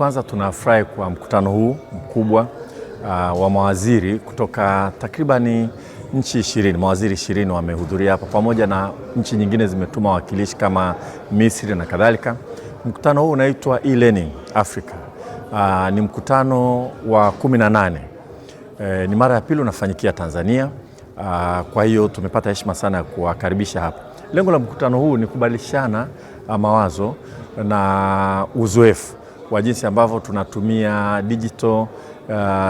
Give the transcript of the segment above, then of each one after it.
kwanza tunafurahi kwa mkutano huu mkubwa uh, wa mawaziri kutoka takribani nchi ishirini, mawaziri ishirini wamehudhuria hapa, pamoja na nchi nyingine zimetuma wawakilishi kama Misri na kadhalika. Mkutano huu unaitwa E-Learning Africa. Uh, ni mkutano wa kumi na nane. E, ni mara ya pili unafanyikia Tanzania. Uh, kwa hiyo tumepata heshima sana ya kuwakaribisha hapa. Lengo la mkutano huu ni kubadilishana uh, mawazo na uzoefu wa jinsi ambavyo tunatumia digital uh,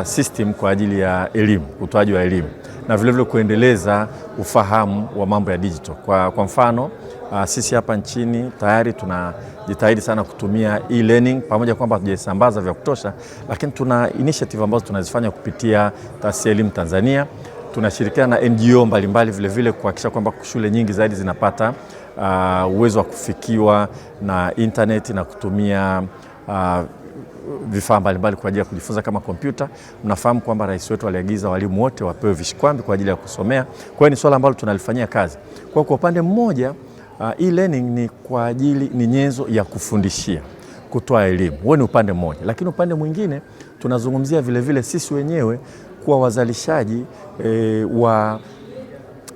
system kwa ajili ya elimu, utoaji wa elimu na vilevile kuendeleza ufahamu wa mambo ya digital. Kwa, kwa mfano uh, sisi hapa nchini tayari tunajitahidi sana kutumia e-learning, pamoja kwamba hatujasambaza vya kutosha, lakini tuna initiative ambazo tunazifanya kupitia taasisi ya elimu Tanzania. Tunashirikiana na NGO mbalimbali vilevile kuhakikisha kwamba shule nyingi zaidi zinapata uh, uwezo wa kufikiwa na intaneti na kutumia uh, vifaa mbalimbali kwa ajili ya kujifunza kama kompyuta. Mnafahamu kwamba rais wetu aliagiza walimu wote wapewe vishikwambi kwa ajili ya kusomea. Kwa hiyo ni swala ambalo tunalifanyia kazi. Kwa kwa upande mmoja uh, e-learning ni kwa ajili ni nyenzo ya kufundishia, kutoa elimu. Huo ni upande mmoja, lakini upande mwingine tunazungumzia vilevile vile sisi wenyewe kuwa wazalishaji eh, wa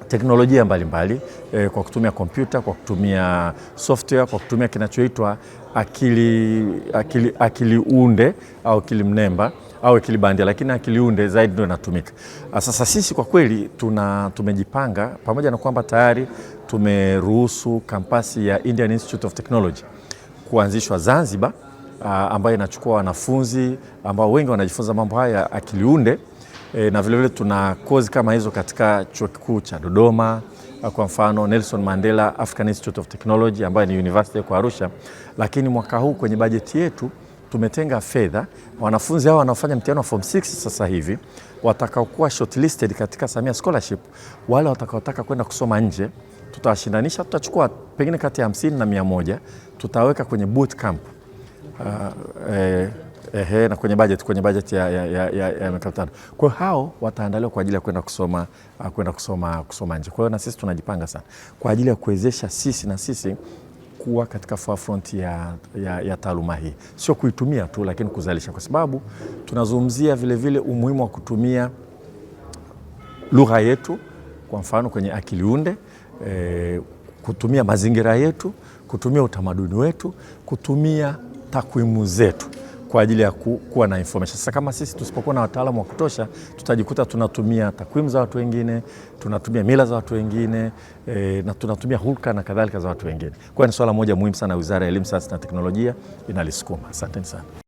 teknolojia mbalimbali mbali, eh, e, kwa kutumia kompyuta, kwa kutumia software, kwa kutumia kinachoitwa akili, akili, akili unde au akili mnemba au akili bandia, lakini akili unde zaidi ndio inatumika ah, sasa. Sisi kwa kweli tuna tumejipanga pamoja na kwamba tayari tumeruhusu kampasi ya Indian Institute of Technology kuanzishwa Zanzibar, ah, ambayo inachukua wanafunzi ambao wengi wanajifunza mambo haya akiliunde e, na vilevile tuna kozi kama hizo katika chuo kikuu cha Dodoma, kwa mfano Nelson Mandela African Institute of Technology ambayo ni university kwa Arusha. Lakini mwaka huu kwenye bajeti yetu tumetenga fedha, wanafunzi hao wanaofanya mtihani wa form 6 sasa hivi watakaokuwa shortlisted katika Samia Scholarship, wale watakaotaka kwenda kusoma nje tutawashindanisha, tutachukua pengine kati ya 50 na 100 tutaweka kwenye boot camp. Uh, eh, ehe, na kwenye bajeti kwenye budget ya, ya, ya, ya, ya miaka mitano. Kwa hiyo hao wataandaliwa kwa ajili ya kwenda kusoma, ah, kwenda kusoma, kusoma nje. Kwa hiyo na sisi tunajipanga sana kwa ajili ya kuwezesha sisi na sisi kuwa katika forefront ya, ya, ya taaluma hii, sio kuitumia tu, lakini kuzalisha, kwa sababu tunazungumzia vilevile umuhimu wa kutumia lugha yetu, kwa mfano kwenye akiliunde e, eh, kutumia mazingira yetu, kutumia utamaduni wetu, kutumia takwimu zetu kwa ajili ya ku, kuwa na information. Sasa kama sisi tusipokuwa na wataalamu wa kutosha, tutajikuta tunatumia takwimu za watu wengine, tunatumia mila za watu wengine e, na tunatumia hulka na kadhalika za watu wengine. Kwa hiyo ni swala moja muhimu sana, Wizara ya Elimu, Sayansi na Teknolojia inalisukuma. Asanteni sana.